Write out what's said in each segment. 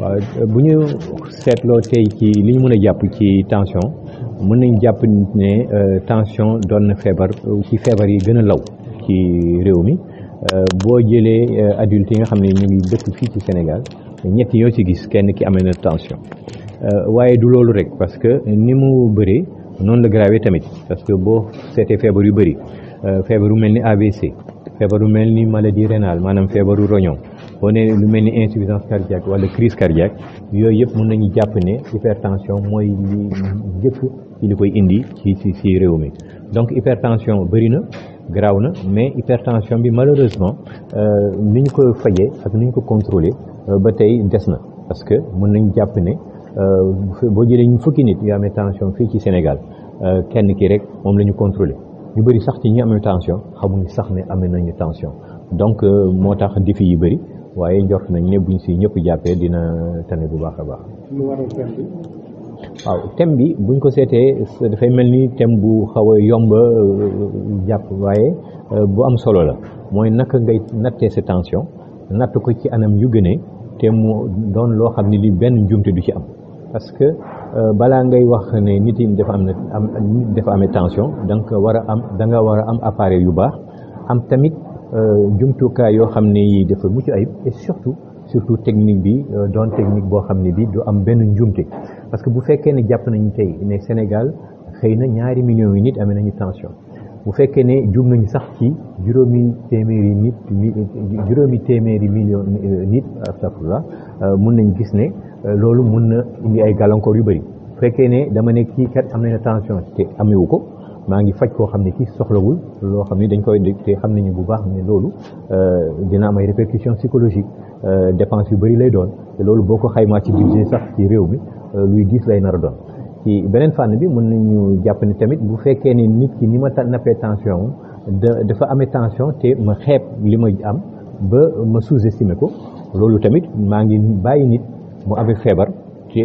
waaw bu ñu seetloo tey ci li ñu mën a jàpp ci tension mën nañ jàpp ne euh, tension doon na feebar euh, ci feebar yi gën a law ci réew mi euh, boo jëlee adulte yi nga xam ne ñu ngi dëkk fii ci Sénégal ñetti ñoo ci gis kenn ki amee na tension waaye du loolu rek parce que ni mu bëree noonu la grave tamit parce que boo seetee feebar yu bëri feebar yu mel ni AVC feebar yu mel ni maladie rénale maanaam feebaru roñon boo lu mel ni insuffisance cardiaque wala crise cardiaque yooyu yëpp mën nañu jàpp ne hypertension mooy li njëkk ci li koy indi ci ci ci réew mi donc hypertension bëri na garaaw na mais hypertension bi malheureusement euh, ni ñu ko fajee ak nu ñu ko contrôler euh, ba tey des na parce que mun nañu jàpp ne euh, boo jëlee ñu fukki nit yu amee tension fii ci Sénégal kenn ki rek moom la ñu contrôler ñu bëri sax ci ñi amee tension xamuñu sax ne amee nañu tension donc moo tax défi yi bëri waaye njort nañ ne buñ si ñëpp jàppee dina tane bu baax a baax. waaw thème bi buñ ko seetee dafay mel ni thème bu xaw a yomb euh, jàpp waaye euh, bu am solo la mooy naka ngay nattee sa tension natt ko ci anam yu gënee te mu doon loo xam ne li benn njumte du ci am parce que euh, balaa ngay wax ne nit yi dafa am am nit dafa amee tension da nga war a am da nga war a am appareil yu baax am tamit. Euh, jumtukaay yoo xam ne yii dafa mucc ayib et surtout surtout technique bi euh, doon technique boo xam ne bi du am benn njuumte parce que bu fekkee ne jàpp nañu tey ne Sénégal xëy na ñaari millions yu nit amee nañu tension bu fekkee ne jum nañu sax ci juróomi téeméeri nit juróomi téeméeri million euh, nit astafurlah mun nañ gis ne loolu mun na indi ay gàllankoor yu bëri bu fekkee ne dama nekk kii kat am nañu tension te amewu ko maa ngi faj koo xam ne kii soxlawul loo xam ne dañ koy dégg te xam nañu bu baax ne loolu euh, dina am ay répercussions psychologiques euh, dépense yu bëri lay doon te loolu boo ko xaymaa ci budget sax ci réew mi euh, luy diis lay nar a doon. ci beneen fànn bi mën nañu jàpp ne tamit bu fekkee ne nit ki ni ma nappee tension da dafa amee tension te ma xeeb li ma am ba ma sous-estimer ko loolu tamit maa ngi bàyyi nit mu amee feebar. te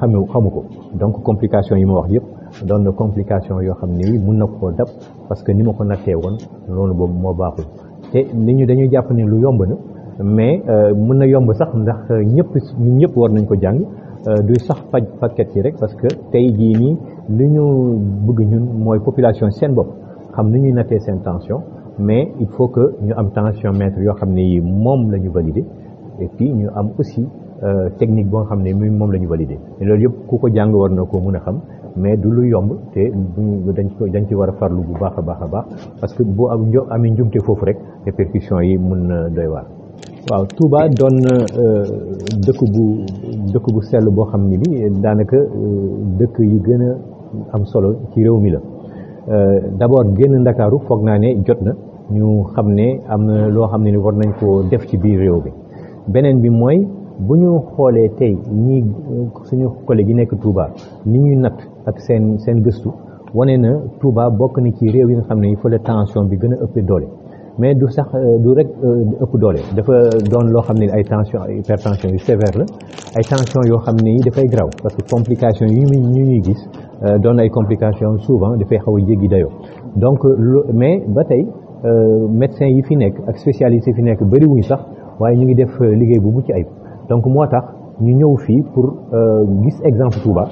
xame xamu ko donc complication yi ma wax yëpp doon na complication yoo xam ne mun na koo dab parce que ni ma ko nattee woon loolu boobu moo baaxul te ni ñu dañuy jàpp ne lu yomb na mais euh, mun na yomb sax ndax ñëpp ñëpp war nañ ko jàng euh, du sax faj paquet yi rek parce que tey jii nii li ñu bëgg ñun mooy population seen bopp xam ni ñuy nattee seen tension mais il faut que ñu am tension mètre yoo xam ne yi moom la ñu valider et puis ñu am aussi Euh, technique boo xam ne moom la ñu validé loolu yëpp ku ko jàng war na koo mun a xam mais du lu yomb te dañ ko dañ ci war a farlu bu baax a baax a baax parce que boo am jo amee njumte foofu rek répercussions yi mun na doy waar. waaw Touba doon euh, dëkk bu dëkk bu sell boo xam ne bi daanaka euh, dëkk yi gën a am solo ci réew mi la d'abord génn Ndakaaru foog naa ne jot na ñu xam ne am na loo xam ne ni war nañ koo def ci biir réew bi beneen bi mooy. bu ñu xoolee tey ñu suñu collègue yi nekk Touba nit ñuy natt ak seen seen gëstu wane na Touba bokk na ci réew yi nga xam ne fa la tension bi gën a ëppee doole mais du sax euh, du rek euh, ëpp doole dafa doon loo xam ne ay tension hypertension yu sévère la ay yoo xam ne yi dafay graw parce que complication yi ñu ñuy gis euh, doon ay complication souvent dafay xaw a jéggi dayoo donc mais ba tey médecin yi fi nekk ak spécialiste yi si fi nekk bëriwuñ sax waaye ñu ngi def liggéey bu mucc ayib donc moo tax ñu ñëw fii pour euh, gis exemple Touba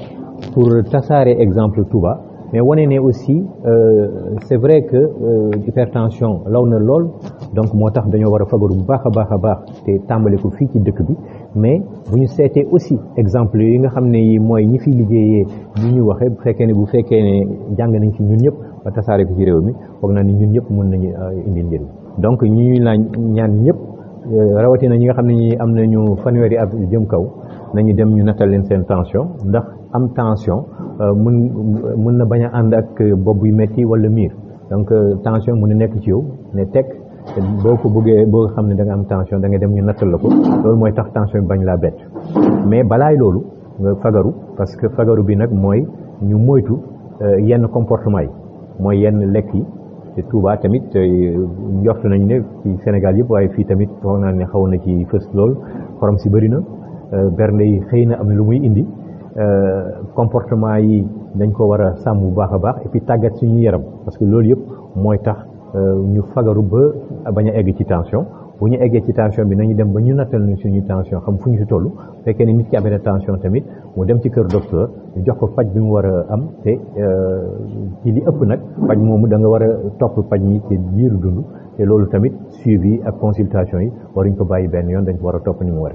pour tasaare exemple Touba mais wane ne aussi euh, c'est vrai que euh, hypertension law na lool donc moo tax dañoo war a fagaru bu baax a baax a baax te tàmbale ko fii ci dëkk bi mais bu ñu seetee aussi exemple yi nga xam ne yi mooy ñi fi liggéeyee ñu ñu waxee bu fekkee ne bu fekkee ne jàng nañ fi ñun ñëpp ba tasaare ko ci réew mi foog naa ni ñun ñëpp mën nañu indil njëriñ donc ñu ñuy laaj ñaan ñëpp. Euh, rawatina ñi nga xam ne ñi am na ñu fanweeri at jëm kaw na nañu dem ñu nattal leen seen tension ndax am tension euh, mun mun na bañ a ànd ak bopp yu metti wala miir donc euh, tension mun na nekk ci yow ne teg boo ko bëggee boo xam ne da nga am tension da nga dem ñu nattal la ko loolu mooy tax tension bi bañ laa bett mais balaay loolu nga fagaru parce que fagaru bi nag mooy ñu moytu yenn comportement yi mooy yenn lekk yi te Touba tamit njort euh, nañ ne ci Sénégal yëpp waaye fii tamit foog naa ne xaw na ci fës lool xorom si bëri na euh, bernde yi xëy na am na lu muy indi euh, comportement yi dañ ko war a sàmm bu baax a baax et puis tàggat suñu yaram parce que loolu yëpp mooy tax ñu fagaru ba bañ a egg ci tension bu ñu eggee ci tension bi nañu dem ba ñu nattal ñu suñu tension xam fu ñu si toll fekkee ni nit ki amee na tension tamit mu dem ci kër docteur ñu jox ko paj bi mu war a am te euh, ci li ëpp nag faj moomu danga nga war a topp faj mi ci jiiru dund te loolu tamit suivi ak consultation yi waruñ ko bàyyi benn yoon dañ ko a topp ni mu war